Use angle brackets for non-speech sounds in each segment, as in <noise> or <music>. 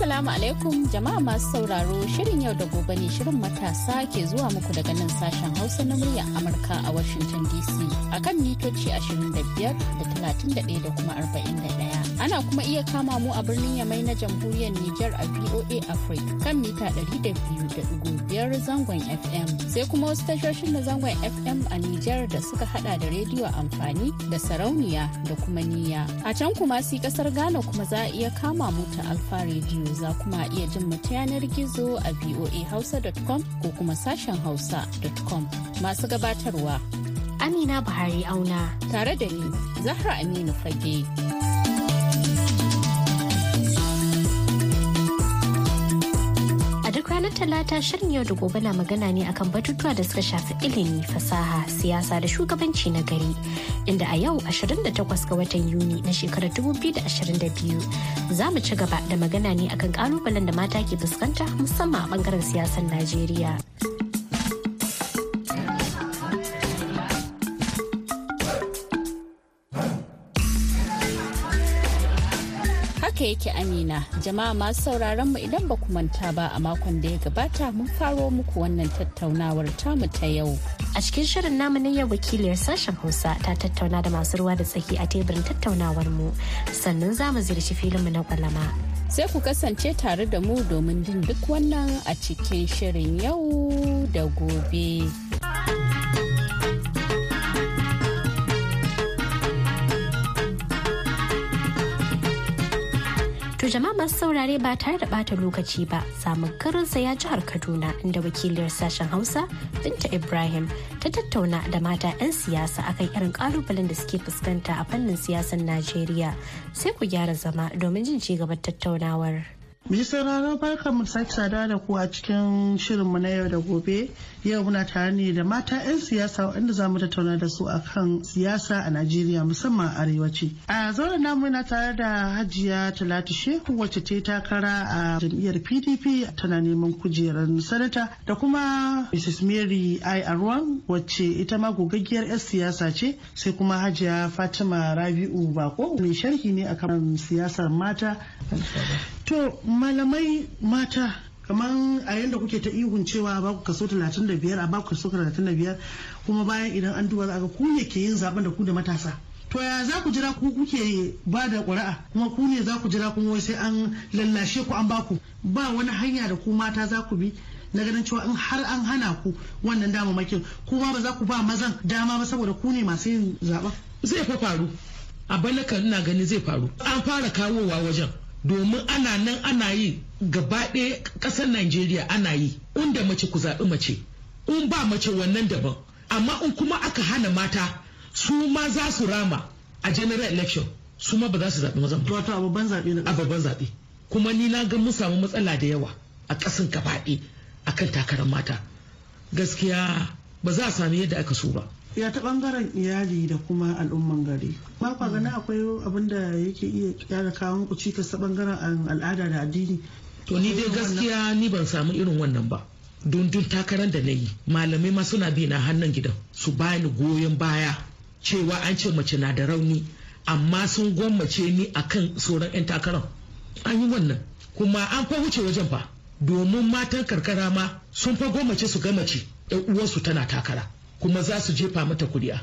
Assalamu alaikum jama'a masu sauraro shirin yau da gobe ne shirin matasa ke zuwa muku daga nan sashen Hausa na muryar Amurka a Washington DC akan mitoci 25 da 31 da kuma 41. Ana kuma iya kama mu a birnin Yamai na jamhuriyar Nijar a VOA Africa kan mita 200.5 zangon FM. Sai kuma wasu tashoshin na zangon FM a Nijar da suka hada da rediyo amfani da sarauniya da kuma niya. A can kuma si kasar Ghana kuma za a iya kama mu ta Alfa rediyo za kuma iya jin mu yanar gizo a voahausa.com ko kuma sashen hausa.com. Masu gabatarwa. Amina Buhari auna. Tare da ni, Zahra Aminu Fage. talata shirin yau da gobe na magana ne akan batutuwa da suka shafi ilimi, fasaha, siyasa da shugabanci na gari. Inda a yau 28 ga watan Yuni na shekarar 2022 za mu ci gaba da magana ne akan kalubalen da mata ke fuskanta musamman a bangaren siyasar Najeriya. Haka yake Amina, jama'a masu sauraron mu idan ba ku manta ba a makon da ya gabata mun faro muku wannan tattaunawar tamu ta yau. A cikin shirin namu na yau wakiliyar sashen Hausa ta tattauna da masu ruwa da tsaki a teburin tattaunawar mu sannan za mu ziyarci filinmu na kwalama. Sai ku kasance tare da mu domin jin duk wannan a cikin shirin yau da gobe. jama'a masu saurare ba tare da bata lokaci ba samun karinsa ya jihar Kaduna inda wakiliyar sashen Hausa Binta Ibrahim ta tattauna da mata 'yan siyasa akan irin kalubalen da suke fuskanta a fannin siyasar Najeriya. Sai ku gyara zama domin jin ci gaban tattaunawar. Mai sauraro barkan mu sake saduwa da ku a cikin shirinmu na yau da gobe. Yau muna tare ne da mata 'yan siyasa waɗanda za mu tattauna da su akan siyasa a Najeriya musamman arewaci. A zauren namu yana tare da Hajiya Talatu Shehu wacce ta takara a jam'iyyar PDP tana neman kujerar sanata da kuma Mrs. Mary I. Arwan wacce ita ma gogaggiyar 'yan siyasa ce sai kuma Hajiya Fatima Rabi'u Bako mai sharhi ne akan siyasar mata. To malamai mata kamar a yadda kuke ta ihun cewa ba ku kaso 35 a ku kaso 35 kuma bayan idan an duba za ku ne ke yin zaben da ku da matasa. To ya za ku jira ku kuke ba da ƙuri'a kuma ku ne za ku jira kuma wai sai an lallashe ku an baku ba wani hanya da ku mata za ku bi na ganin cewa in har an hana ku wannan damamakin kuma ba za ku ba mazan dama ba saboda ku ne masu yin zaɓen. Zai fa faru a balaka ina gani zai faru an fara kawowa wajen domin ana nan ana yi gaba ɗaya ƙasar Najeriya ana yi inda mace ku zaɓi mace in ba mace wannan daban amma in kuma aka hana mata su ma za su rama a general election su ma ba za su zaɓi mazan wato a babban zaɓe na a babban zaɓe kuma ni na ga mun samu matsala da yawa a ƙasan gaba a kan takarar mata gaskiya ba za a sami yadda aka so ba ya ta bangaren iyali da kuma al'umman gari ba hmm. gani akwai abin da yake iya kyara kawo ku cikas ta bangaren al'ada da addini to ni dai gaskiya ni ban samu irin wannan ba dundun takarar da na yi malamai ma suna bi na hannun gidan su bani goyon baya cewa an ce mace na da rauni amma sun gwammace ni akan sauran 'yan takarar an yi wannan kuma an fa wuce wajen fa domin matan karkara ma sun fa gwammace su ga gamace uwarsu tana takara kuma za su jefa mata kuri'a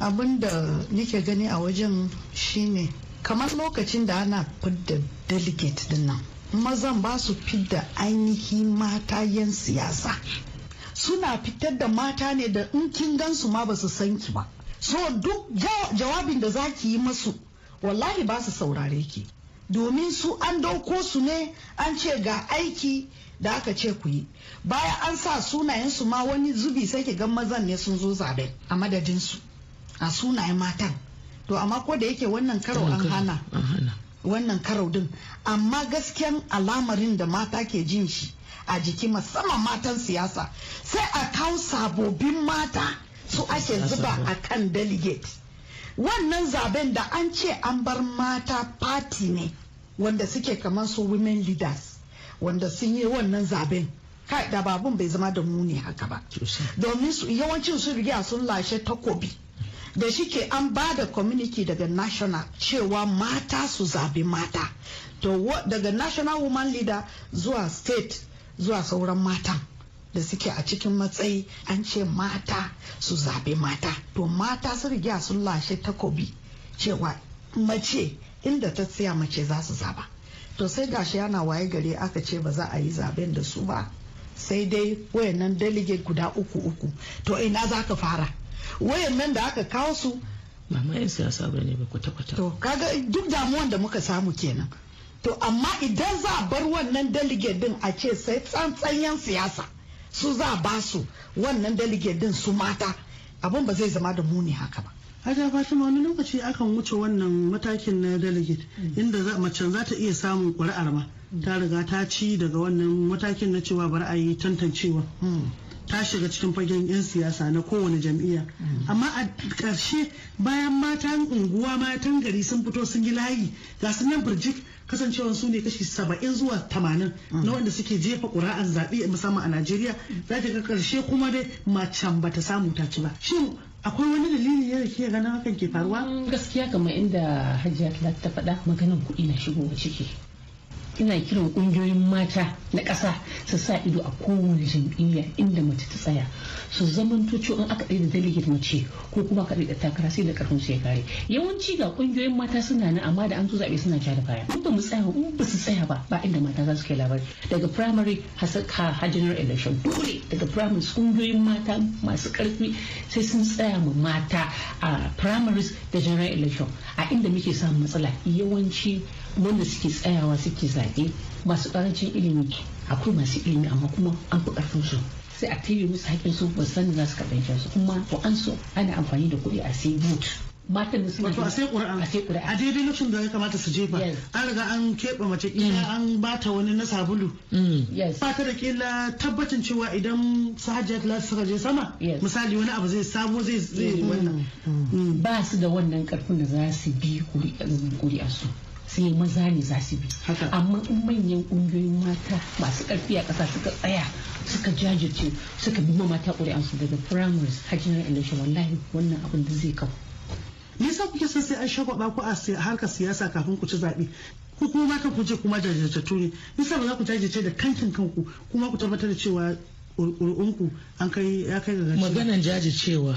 abin da nike gani a wajen shine kamar lokacin da ana fidda delegate din nan mazan ba su fidda ainihi mata yan siyasa suna fitar da mata ne da in kin gansu ma ba su san ki ba so duk jawabin da za ki yi masu wallahi ba su saurare ki domin su an dauko su ne an ce ga aiki da aka ce ku yi bayan an sa sunayen su ma wani zubi sai ki ga mazan ne sun zo zaɓe a su a sunayen matan to amma ko da yake wannan karo an hana wannan karo din amma gaskiyan alamarin da mata ke jin shi a jiki musamman matan siyasa sai a kawo sabobin mata su ake zuba a kan delegate wannan zaben da an ce an bar mata party ne wanda suke kamar su women leaders wanda sun yi wannan zaben kai da babun bai zama da muni haka ba domin yawancin su riga sun lashe takobi da shi ke an ba da community daga national cewa mata su zabi mata to daga national woman leader zuwa state zuwa sauran matan da suke a cikin matsayi an ce mata su zabe mata to mata su riga sun lashe takobi cewa mace inda ta tsaya mace za su zaba to sai gashi ana waye gari aka ce ba za a yi zaben da su ba sai dai wayannan delegate guda uku uku to ina za ka fara wayannan da aka kawo su Mama yin siyasa ba ne ba kwata-kwata to kaga duk damuwan da muka samu kenan to amma idan za a bar wannan delegate din a ce sai tsantsan siyasa su za a ba su wannan delegate din su mata abun ba zai zama da muni haka ba hajiya fatima wani lokaci akan wuce wannan matakin na delegate mm. inda macen za ta iya samun ƙuri'ar ma mm. ta riga ta ci daga wannan matakin na cewa bar a yi tantancewa mm. ta shiga cikin fagen 'yan siyasa na kowane jam'iyya amma a ƙarshe bayan matan unguwa matan gari sun fito sun yi layi ga su nan birjik kasancewar su ne kashi saba'in zuwa tamanin na wanda suke jefa ƙura'an zaɓe musamman a najeriya za ta ga ƙarshe kuma dai macen bata samu ta ci ba shin akwai wani dalili ya da ke ganin hakan ke faruwa mm, gaskiya kamar inda hajiya ta faɗa maganin kuɗi na shigowa ciki ina kiran kungiyoyin mata na ƙasa su sa ido a kowane jam'iyya inda mace ta tsaya su zamanto cewa in aka da delegate mace ko kuma aka da takara sai da ƙarfin su ya kare yawanci ga kungiyoyin mata suna nan amma da an zo zaɓe suna ja da baya in ba mu tsaya in ba su tsaya ba ba inda mata za su kai labari daga primary har general election dole daga primary kungiyoyin mata masu ƙarfi sai sun tsaya ma mata a primaries da general election a inda muke samun matsala yawanci wanda suke tsayawa suke zaɓe masu ƙarancin ilimi akwai masu ilimi amma kuma an fi ƙarfin su sai a tebe musu haƙƙin su ba san za su karɓi su kuma ko an so ana amfani da kuɗi a sai boot matan da suna wato a sai ƙura'an a sai ƙura'an a daidai lokacin da ya kamata su jefa an riga an keɓe mace kila mm. an bata wani na sabulu mm. ba ta da kila tabbacin cewa idan sahajiya class suka je sama misali wani abu zai sabo zai zai mm. wannan ba su da wannan ƙarfin da za su bi ƙuri'a su sai maza ne za su bi amma in manyan ƙungiyoyin mata masu ƙarfi a ƙasa suka tsaya suka jajirce suka bi mata ƙuri'ansu daga primaries har general election wallahi wannan abin da zai kawo yasa kuke son sai an shagwaba ku a harkar siyasa kafin ku ci zaɓe ku kuma kan ku je kuma jajirtattu ne nisa ba za ku jajirce da kankin kanku kuma ku tabbatar da cewa ƙuri'unku an kai ya kai ga maganan jajircewa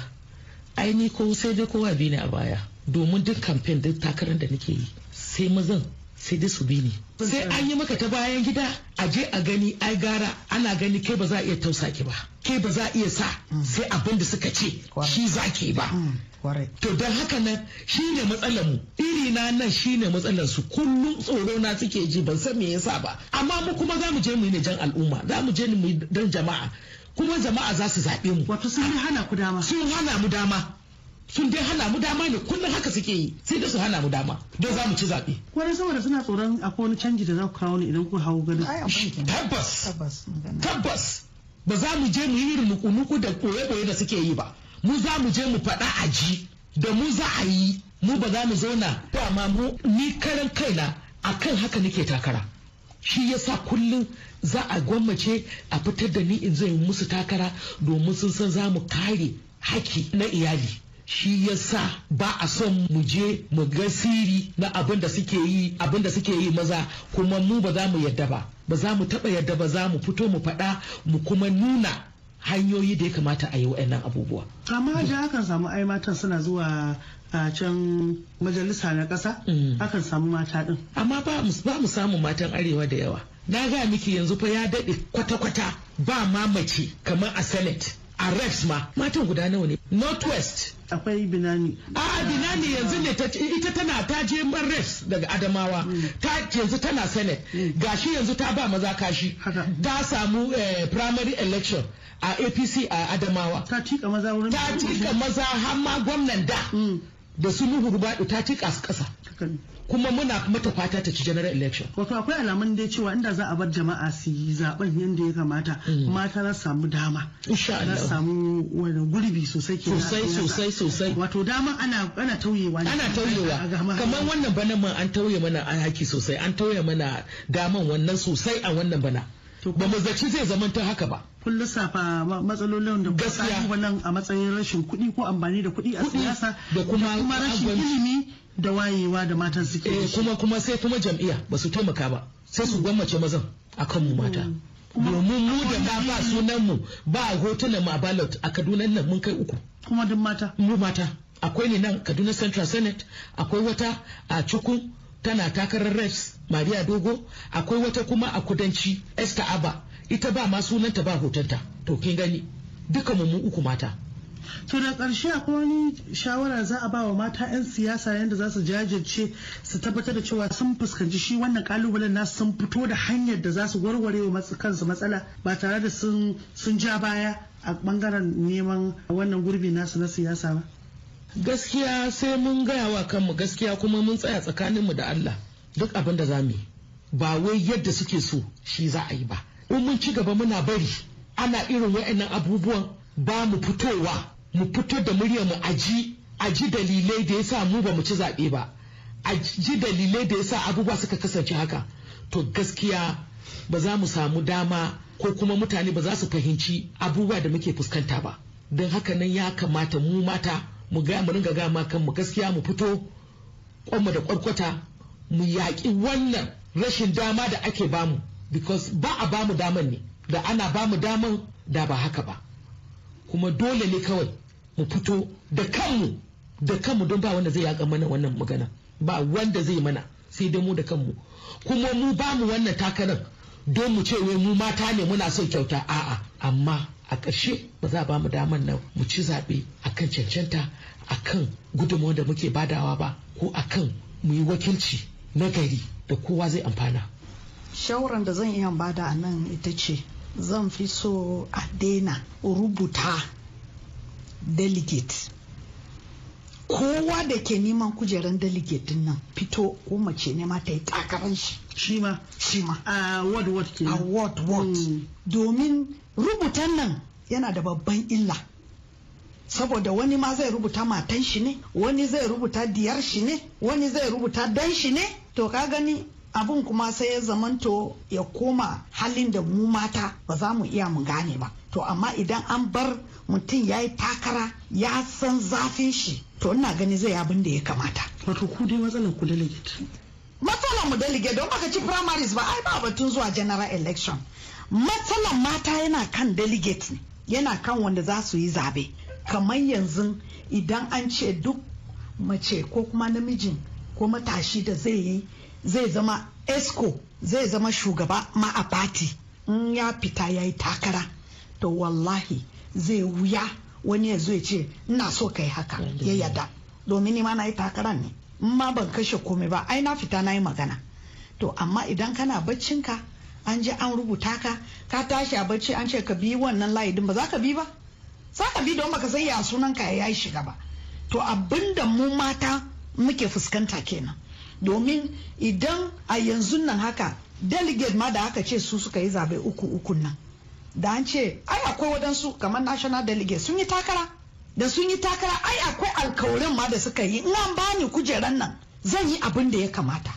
ni ko sai dai kowa bi ni a baya domin duk kamfen duk takarar da nake yi sai mazan sai dai su bi ni sai an yi maka ta bayan gida a je a gani ai gara ana gani kai ba za iya tausa ba kai ba za iya sa mm. sai abin da suka ce shi za ki ba mm. to don haka nan shi ne matsalar mu iri na nan shi ne matsalar su kullum tsoro na suke ji ban san me yasa ba amma mu kuma za mu je mu yi jan al'umma za mu je mu yi dan jama'a kuma jama'a za su zaɓe mu wato sun hana ku dama sun hana mu dama sun dai hana mu dama ne kullum haka suke yi sai da su hana mu dama don za mu ci zaɓe. wani saboda suna tsoron akwai wani canji da za ku kawo ne idan ku hau gani. tabbas tabbas ba za mu je mu yi muku da koye-koye da suke yi ba mu za mu je mu faɗa a ji da mu za a yi mu ba za mu zauna ba ma mu ni karan kaina a kan haka nake takara shi yasa kullum za a gwammace a fitar da ni in zai musu takara domin sun san za mu kare haki na iyali shi ya sa ba a son mu je mu ga siri na abin da suke yi abin da suke yi maza kuma mu ba za mu yadda ba ba za mu taɓa yadda ba za mu fito mu faɗa mu kuma nuna hanyoyi da ya kamata a yi wa'annan abubuwa. amma da akan samu ai matan suna zuwa a can majalisa na ƙasa mm. akan samu mata ɗin. amma ba mu samu matan arewa da yawa na ga miki yanzu fa ya daɗe kwata-kwata ba mamaci kamar a senate a rex ma matan guda nawa ne northwest akwai binani a binani yanzu ne ita tana ta je man refs daga adamawa hmm. ta yanzu tana senate hmm. gashi yanzu ta ba maza kashi ta samu eh, primary election a apc a adamawa ta cika maza wurin ta cika maza har ma gwamnan da hmm. da su nuhu ita ta ci kasa kuma muna mata fata ta ci general election wato akwai alamun dai cewa inda za a bar jama'a su yi zaben yadda ya kamata mm. mata na samu dama na samu wani gurbi sosai ke sosai sosai sosai wato dama ana ana tauyewa ana tauyewa kamar wannan bana man an tauye mana a haki sosai an tauye mana daman wannan sosai a wannan bana ba mu zaci zai zamanta haka ba kun lissafa matsalolin da ba gaskiya wannan a matsayin rashin kuɗi ko amfani da kuɗi a siyasa da kuma rashin ilimi da wayewa da matan suke eh kuma kuma sai kuma jam'iyya ba su taimaka ba sai su gwammace mazan akan mu mata hmm. domin mu da ba ba sunan mu ba hotunan mu a ballot a Kaduna nan mun kai uku kuma duk mata mu mata akwai ne nan Kaduna Central Senate akwai wata a cikin. tana takarar refs Maria Dogo akwai wata kuma a kudanci Esther aba ita ba ma sunanta ba hotonta to kin gani duka mu uku mata to da ƙarshe akwai wani shawara za a ba wa mata 'yan siyasa yadda za su jajirce su tabbatar da cewa sun fuskanci shi wannan kalubalen nasu sun fito da hanyar da za su warware wa kansu matsala ba tare da sun ja baya a bangaren neman wannan gurbi nasu na siyasa ba gaskiya sai mun gaya wa kanmu gaskiya kuma mun tsaya tsakaninmu da Allah duk abin da za mu yi ba wai yadda suke so shi za a yi ba in mun ci gaba muna bari ana irin wa'annan abubuwan ba mu fitowa mu fito da murya mu aji aji dalilai da yasa mu ba mu ci zaɓe ba aji dalilai da yasa abubuwa suka kasance haka to gaskiya ba za mu samu dama ko kuma mutane ba za su fahimci abubuwa da muke fuskanta ba don haka nan ya kamata mu mata mu ga mu ringa gama kanmu gaskiya mu fito kwamma da kwarkwata mu yaƙi wannan rashin dama da ake bamu because ba a bamu daman ne da ana bamu daman da ba haka ba kuma dole ne kawai mu fito da kanmu da kanmu don ba wanda zai yaƙa mana wannan magana ba wanda zai mana sai dai mu da kanmu kuma mu bamu wannan takarar don mu ce wai mu mata ne muna son kyauta a'a amma a ƙarshe ba za a ba mu damar nan mu ci zaɓe a kan cancanta a kan gudunmawar da muke badawa ba ko a kan mu yi wakilci na gari da kowa zai amfana shawaran da zan iya bada a nan ita ce zan fi so a daina rubuta delegate kowa da ke neman kujeran delegate nan fito ko mace ne ta yi takarar shi shi ma shi ma a ward ward ke a ward ward hmm. domin rubutan nan yana da babban illa saboda wani ma zai rubuta matan shi ne wani zai rubuta diyar shi ne wani zai rubuta dan shi ne to ka gani abin kuma sai ya zamanto ya koma halin da mu mata ba za mu iya mu gane ba to amma idan an bar mutum ya yi takara ya san zafin shi to ina gani zai abin da ya kamata wato ku dai matsalar ku delegate matsalar mu delegate don baka ci primaries ba ai ba batun zuwa general election matsalar mata yana kan delegate ne yana kan wanda za su yi zabe kamar yanzu idan an ce duk mace ko kuma namijin ko matashi da zai yi zai zama esco zai zama shugaba ma a party in ya fita ya yi takara to wallahi zai wuya wani ya zo ya ce ina so ka yi haka ya yada domin ni ma na yi takarar ne in ma ban kashe komai ba ai na fita na yi magana to amma idan kana baccinka an je an rubuta ka ka tashi a bacci an ce ka bi wannan layidin ba za ka bi ba za ka bi don baka san ya sunan ka ya shiga ba to abin da mu mata muke fuskanta kenan domin idan a yanzu nan haka delegate ma da aka ce su suka yi zabe uku ukun nan da an ce ai akwai wadansu kamar national delegate sun yi takara da sun yi takara ai akwai alkawarin ma da suka yi in an ni kujeran nan zan yi abin da ya kamata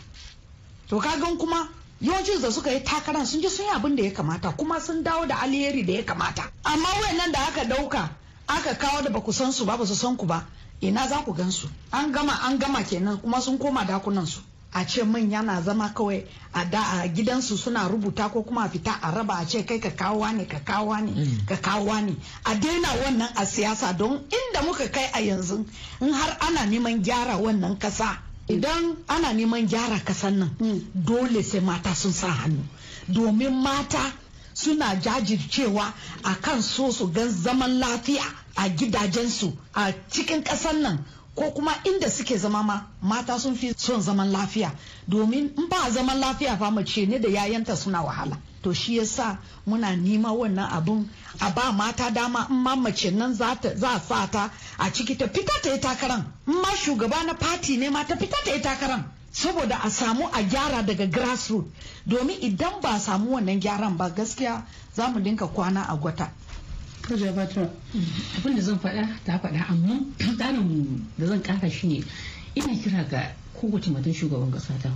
to kagan kuma yawancin da suka yi takaran sun ji sun yi abin da ya kamata kuma sun dawo da alheri da ya kamata amma wayannan da aka dauka aka kawo da baku san su ba ba su san ku ba ina za ku gan su an gama an gama kenan kuma sun koma dakunan su a ce manya na zama kawai a da a gidansu suna rubuta ko kuma fita a raba a ce kai ka kawo ne ka kawo ne mm. ka kawo ne a daina wannan a siyasa don inda muka kai a yanzu in har ana neman gyara wannan kasa idan ana neman gyara kasan nan mm. dole sai mata sun sa hannu domin mata suna jajircewa a kan so su gan zaman lafiya a gidajensu a cikin kasan nan ko kuma inda suke zama ma mata sun fi son zaman lafiya domin in ba zaman lafiya fa mace ne da yayanta suna wahala to shi yasa muna nima wannan abun a ba mata dama in ma mace nan za a sa ta a ciki ta fita ta yi takaran in ma shugaba na fati ne ma ta fita ta yi takaran saboda a samu a gyara daga grassroots domin idan ba samu wannan gyaran ba gaskiya za mu dinka kwana a gwata Hajiya Abin da zan faɗa ta faɗa amma tsarin da zan ƙara shi ne ina kira ga kowace matan shugaban ƙasa ta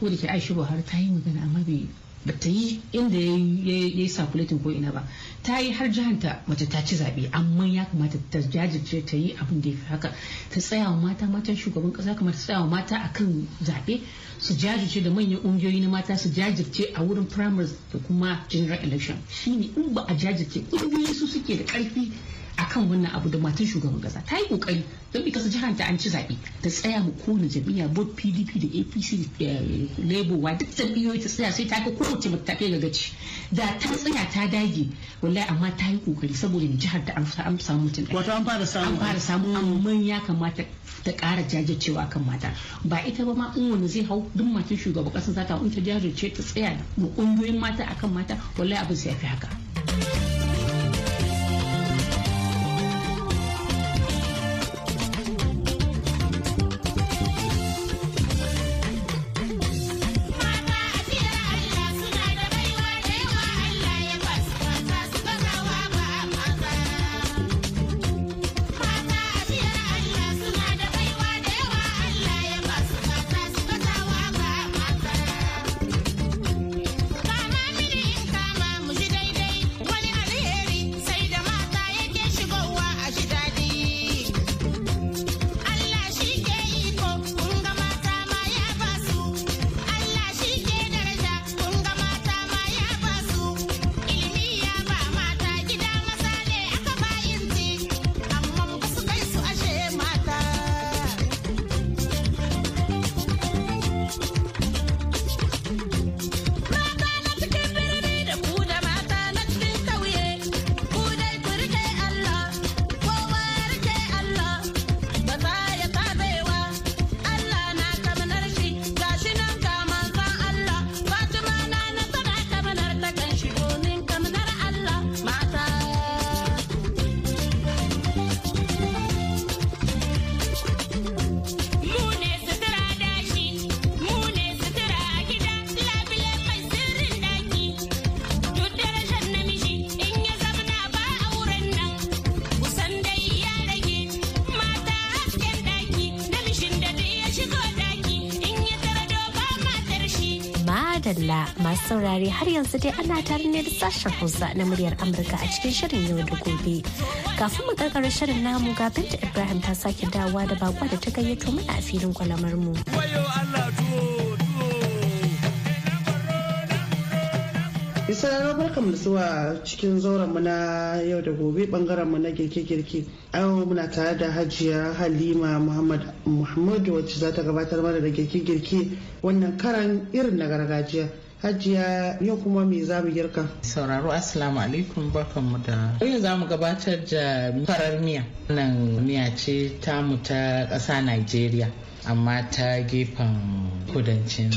ko da ke Aisha Buhari ta yi magana amma bai ba yi inda ya yi sakuletin ko ina ba ta yi har jihanta mace ta ci zaɓe amma ya kamata ta jajirce ta yi abin da ya fi haka ta tsaya wa mata matan shugaban ƙasa kamar ta tsaya wa mata a kan zaɓe su jajirce da manyan ƙungiyoyi na mata su jajirce a wurin primaries da kuma general election shine in ba a jajirce ƙungiyoyi su suke da ƙarfi akan wannan abu da matan shugaban kasa ta yi kokari don bi kasa jihar ta an ci zaɓe ta tsaya mu kowane jam'iyya both pdp da apc eh, labour wa duk jam'iyyoyi ta tsaya sai ta ko kowace mata ta ci da ta tsaya ta dage wallahi amma ta yi kokari saboda mu jihar da an samu mutum wato an fara samu an fara samu amma ya kamata ta ƙara jajircewa kan mata ba ita ba ma in wani zai hau duk matan shugaban kasa za ta in ta jajirce ta tsaya mu ƙungiyoyin mata akan mata wallahi abin sai ya fi haka. masu saurare har yanzu dai ana tare ne da sashen Hausa na muryar Amurka a cikin shirin yau da gobe. Kafin mu karkar shirin namu ga Binta Ibrahim ta sake dawowa da bakwa da ta gayyato mana a filin kwalamar mu. Isararra barkan da zuwa cikin zauren mu na yau da gobe bangaren mu na girke-girke. Yau muna tare da Hajiya Halima Muhammad Muhammadu wacce za ta gabatar mana da girke-girke wannan karan irin na gargajiya. hajiya yau kuma me za mu girka sauraro assalamu alaikum mu da yau za mu gabatar da farar miya nan miya ce mu ta ƙasa najeriya amma ta gefen kudancin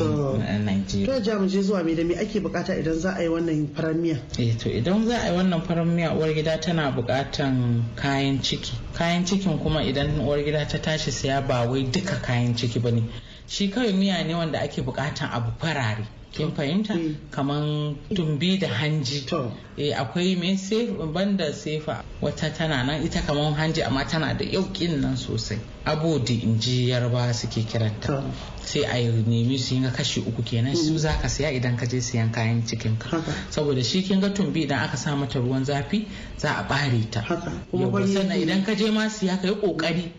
Najeriya. To jamu je zuwa mai da me ake bukata idan za a yi wannan farar miya? Eh to idan za a yi wannan farar miya uwar gida tana bukatan kayan ciki. Kayan cikin kuma idan uwar gida ta tashi saya ba wai duka kayan ciki bane. Shi kawai miya ne wanda ake bukatan abu farare. kin fahimta mm. kaman tumbi da hanji eh, akwai mai sefa banda sefa wata tana nan ita kaman hanji amma tana da yaukin nan sosai abodi in ji yarba suke kiranta sai a yi nemi su yi kashi uku kenan su mm. za ka siya idan ka je siyan kayan cikin ka saboda shi kin ga tumbi idan aka sa mata ruwan zafi za a bare ta sannan idan ka je ma siya ka yi kokari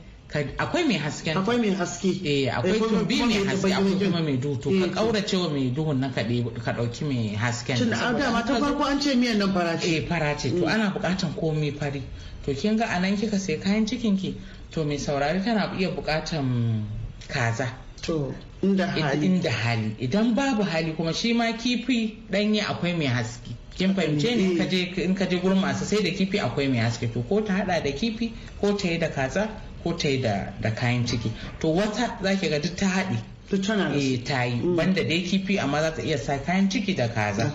akwai mai hasken akwai mai haske eh akwai tumbi mai haske akwai kuma mai duto ka eh, kaura cewa mai duhun nan ka ka dauki mai hasken tun da dama ta farko an ce miyan nan farace eh farace to mm. ana bukatan komai fari to kin ga anan kika sai kayan cikin ki to mai saurari tana iya bukatan kaza to inda hali inda hali idan babu hali kuma shi ma kifi danye akwai mai haske kin fahimce ne eh. in ka je gurin masu sai da kifi akwai mai haske to ko ta hada da kifi ko ta yi da kaza ko ta yi da kayan ciki to wata za ki ga duk ta haɗi e ta yi mm. banda dai kifi amma za ta iya sa kayan ciki da kaza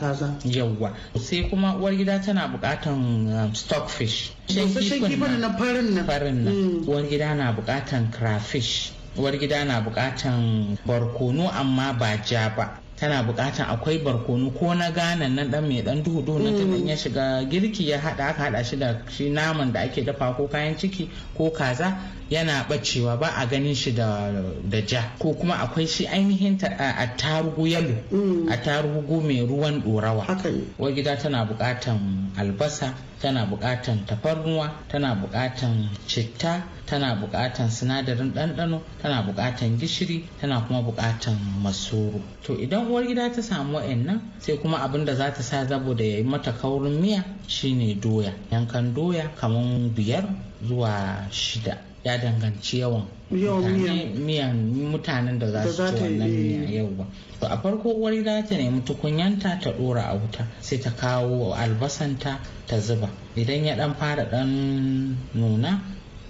yawwa sai kuma uwar gida tana bukatan um, stockfish kifin na farin nan mm. uwar na bukatan crayfish uwar gida na bukatan barkono amma ba ja ba tana bukatan akwai barkono ko na gana nan dan mai dan duhu duhu ta ya shiga girki ya hada aka hada shi da shi naman da ake dafa ko kayan ciki ko kaza yana bacewa ba a ganin shi da ja ko kuma akwai shi ainihin a tarugu yalo mm. a tarugu mai ruwan dorawa gida tana bukatan albasa tana bukatan tafarnuwa tana bukatan citta tana bukatan sinadarin ɗanɗano tana bukatan gishiri tana kuma bukatan masoro to idan uwar gida ta samu wa'annan sai kuma abin da za ta sa da ya yi mata kaurin miya shine doya yankan doya kamar biyar zuwa shida ya danganci yawan miyan mutanen da za su ci wannan miya eh. yau ba to a farko wani za ta nemi tukunyanta ta dora a wuta sai ta kawo albasanta ta zuba idan ya dan fara dan nuna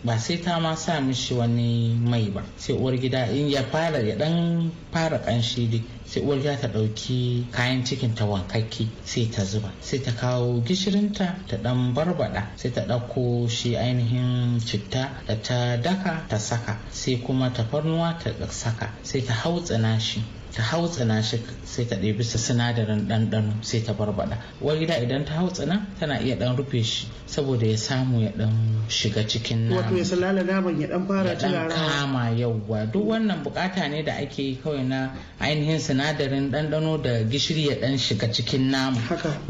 ba sai ta ma sa mishi wani mai ba sai uwar gida in ya fara ya dan fara kanshi sai uwar gida ta ɗauki kayan cikin ta wankakke sai ta zuba sai ta kawo gishirinta ta ɗan barbada sai ta ɗauko shi ainihin citta da ta daka ta saka sai kuma tafarnuwa ta saka sai ta hautsana shi ta hautsina shi sai ta ɗebi sinadarin ɗanɗano sai ta barbaɗa wani da idan ta tsana tana iya ɗan rufe shi saboda ya samu ya ɗan shiga cikin nama wato ya salala naman ya ɗan fara ya kama yauwa duk wannan bukata ne da ake yi kawai na ainihin sinadarin ɗanɗano da gishiri ya ɗan shiga cikin nama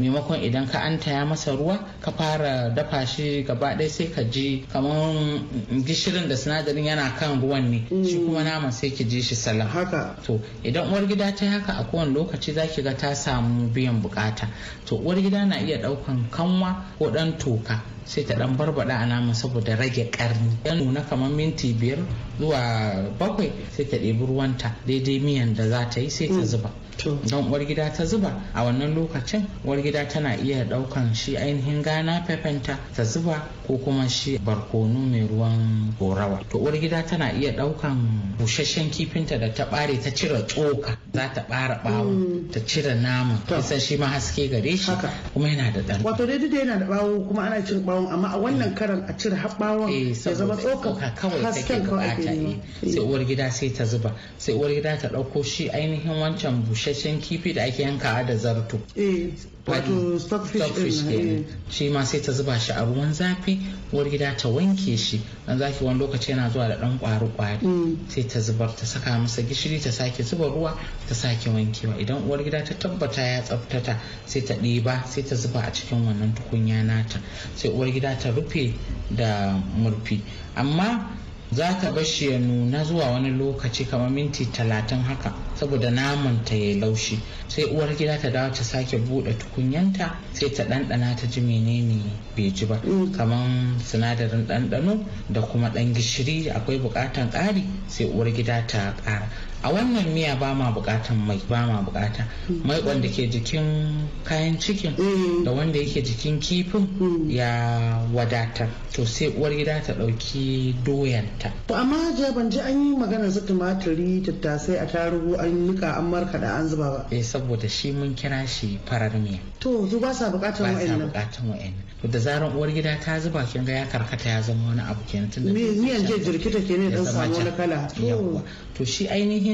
maimakon idan ka an taya masa ruwa ka fara dafa shi gaba ɗaya sai ka ji kamar gishirin da sinadarin yana kan ruwan ne shi mm. kuma nama sai ki ji shi salam to idan uwar gida ta haka a kowane lokaci za ki ga ta samu biyan bukata to uwar gida na iya daukan kanwa ko dan toka sai ta dan barbada a nama saboda rage karni ya nuna kamar minti biyar zuwa bakwai sai ta ɗebi ruwanta daidai miyan da za ta yi sai ta mm. zuba don uwar gida ta zuba a wannan lokacin uwar gida tana iya daukan shi ainihin gana pepenta ta zuba ko kuma shi barkono mai ruwan gorawa to uwar gida tana iya daukan busasshen kifinta da ta bare ta cire tsoka za ta bara bawo mm. ta cire nama kusan shi ma haske gare shi kuma yana da dan wato daidai yana da bawo kuma ana cin haɓawon amma a wannan mm. karan a cire haɓawon eh, ya zama tsoka hasken kawai ake nema sai uwar gida sai ta zuba sai uwar gida ta ɗauko shi ainihin wancan busheshen kifi da ake yankawa da zarto eh. wato stockfish din eh. shi ma sai ta zuba shi a ruwan zafi uwargida gida ta wanke shi dan zaki wani lokaci yana zuwa da dan kwaru kwari mm. sai ta zubar ta saka masa gishiri ta sake zuba ruwa ta sake wankewa idan uwar gida ta tabbata ya tsaftata sai ta ɗiba sai ta zuba a cikin wannan tukunya nata sai uwar gida ta rufe da murfi amma za ta bar ya nuna zuwa wani lokaci kamar minti talatin haka saboda naman ta ya laushi sai uwar gida ta dawo ta sake bude tukunyanta sai ta ɗanɗana ta ji menene bai ji ba mm. kamar sinadarin ɗanɗano da kuma ɗan gishiri akwai buƙatan ƙari sai uwar gida ta ƙara a wannan miya ba ma bukatan mai ba ma bukata mm. mai wanda ke jikin kayan cikin mm. da wanda yake jikin kifin mm. ya wadatar to sai uwar gida ta dauki doyanta to amma je ban ji an yi magana su tumaturi tattasai a tarugu an nika an da an zuba ba eh saboda shi mun kira shi farar miya to su ba sa bukatan wa'annan ba sa bukatan wa'annan to da zaran uwar gida ta zuba kin ga ya karkata ya zama wani abu kenan tunda miyan je jirkita kenan dan samu wani kala to shi ainihin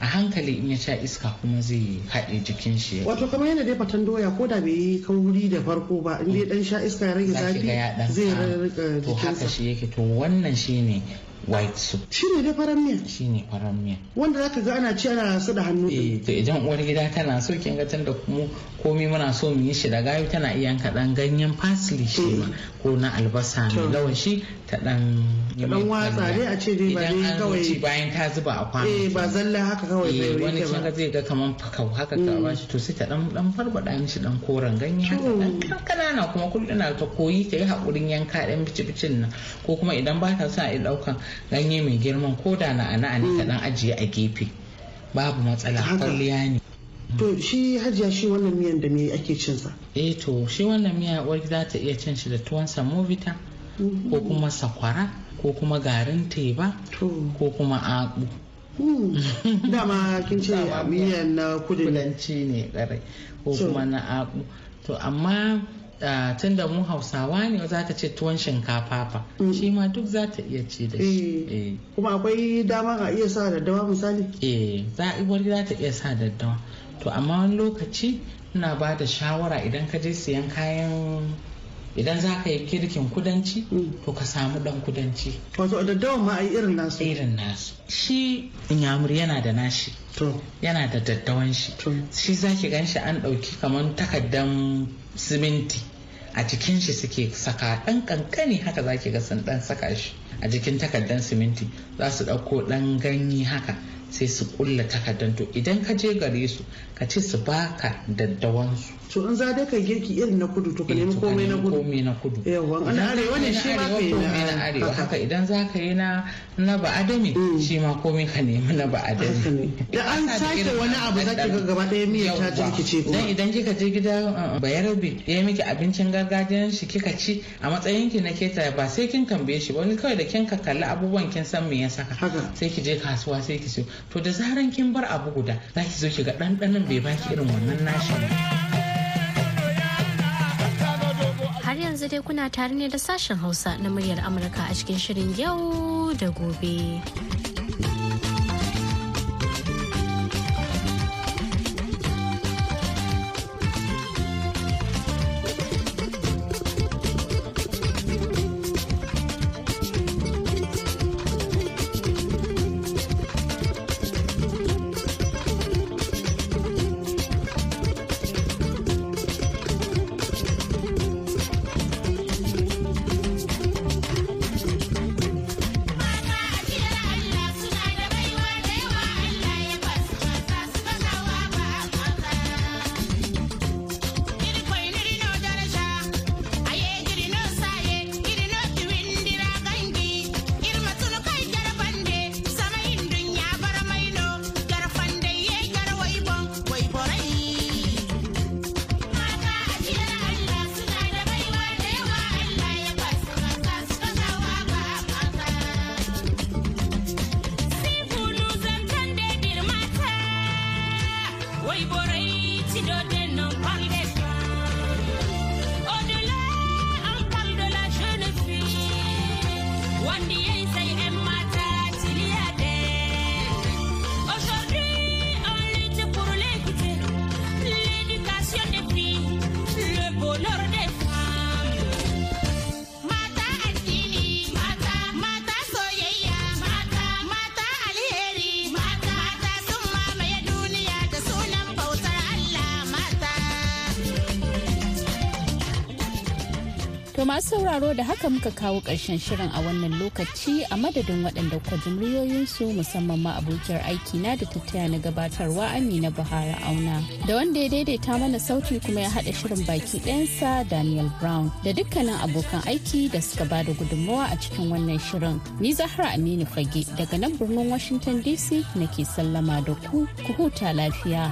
a hankali in ya sha iska kuma zai haɗe jikin shi wato kamar yana dai fatan doya ko da bai yi kauri da farko ba in dai dan mm. sha iska ya rage zafi zai rage to haka shi yake to wannan shine white soup shine da farar miya shine farar miya wanda zaka ga ana ci ana su da hannu eh to idan uwar gida tana so kin ga tunda kuma komai muna so mu yi shi da gayu tana iya yanka dan ganyen parsley shi ma mm. ko na albasa mai lawashi ta dan dan watsa dai a ce dai ba dai kawai Idan bayan ta zuba a kwano eh ba zalla haka kawai eh, bai wani kin ga zai ga kaman fakau haka ka mm. ba shi to sai ta dan dan farbada mishi dan koren ganye haka dan kanana kuma kullun ta koyi ta yi hakurin yanka dan bici-bicin nan ko kuma idan ba ta sa a daukan ganye mai girman koda na ana ne dan ajiye a gefe babu matsala kwalliya ne to shi hajiya shi wannan miyan da me ake cin sa eh to shi wannan miya wai za ta iya cin shi da tuwon samovita mm-hmm. ko kuma sakwara ko kuma garin teba ko kuma abu hmm. dama kin ce <laughs> miyan na kudanci ne kare ko kuma na abu to amma Ah, tun da mu hausawa ne za ta ce tuwon shinkafa fa mm. shi ma duk za ta iya ci da shi eh. Eh. kuma akwai dama a iya sa daddawa misali eh za za ta iya sa daddawa to amma wani lokaci ina ba da shawara idan ka je siyan kayan idan za ka yi kirkin kudanci mm. to ka samu dan kudanci wato daddawa ma a yi irin nasu irin nasu shi nyamur yana da nashi yana da daddawan shi shi za ki gan shi an ɗauki kamar takaddan siminti a cikin shi suke saka ɗan kankani haka zaki ga sun ɗan saka shi a jikin takardar siminti za su ɗauko ɗan ganye haka sai su kulla takardan to idan ka je gare su ka ce su baka daddawan su to in za ka girki irin na kudu to ka eh, nemi komai na kudu komai na kudu yawa na arewa ne shi ma kai na arewa haka idan za ka yi na na ba adami mm. shi ma komai ka nemi na ba adami da an sake wani abu za ki ga gaba daya miya ta jirkice ko dan idan kika je gida uh, uh, bayarabe ya miki abincin gargajiyan shi kika ci a matsayin ki na keta ba sai kin tambaye shi ba wani kawai da kin ka kalli abubuwan kin san me ya saka sai ki je kasuwa sai ki siyo to da zaran kin bar abu guda za ki zo ki ga ɗanɗanon bai baki irin wannan nashi ba. har yanzu dai kuna tare ne da sashen hausa na muryar amurka a cikin shirin yau da gobe masu sauraro da haka muka kawo ƙarshen shirin a wannan lokaci a madadin waɗanda kwa su musamman ma abokiyar aiki na da tattaya na gabatarwa amina buhari auna da wanda ya daidaita mana sauti kuma ya haɗa shirin baki ɗayansa daniel brown da dukkanin abokan aiki da suka ba da gudunmawa a cikin wannan shirin ni zahra aminu fage daga nan birnin washington dc nake sallama da ku ku huta lafiya.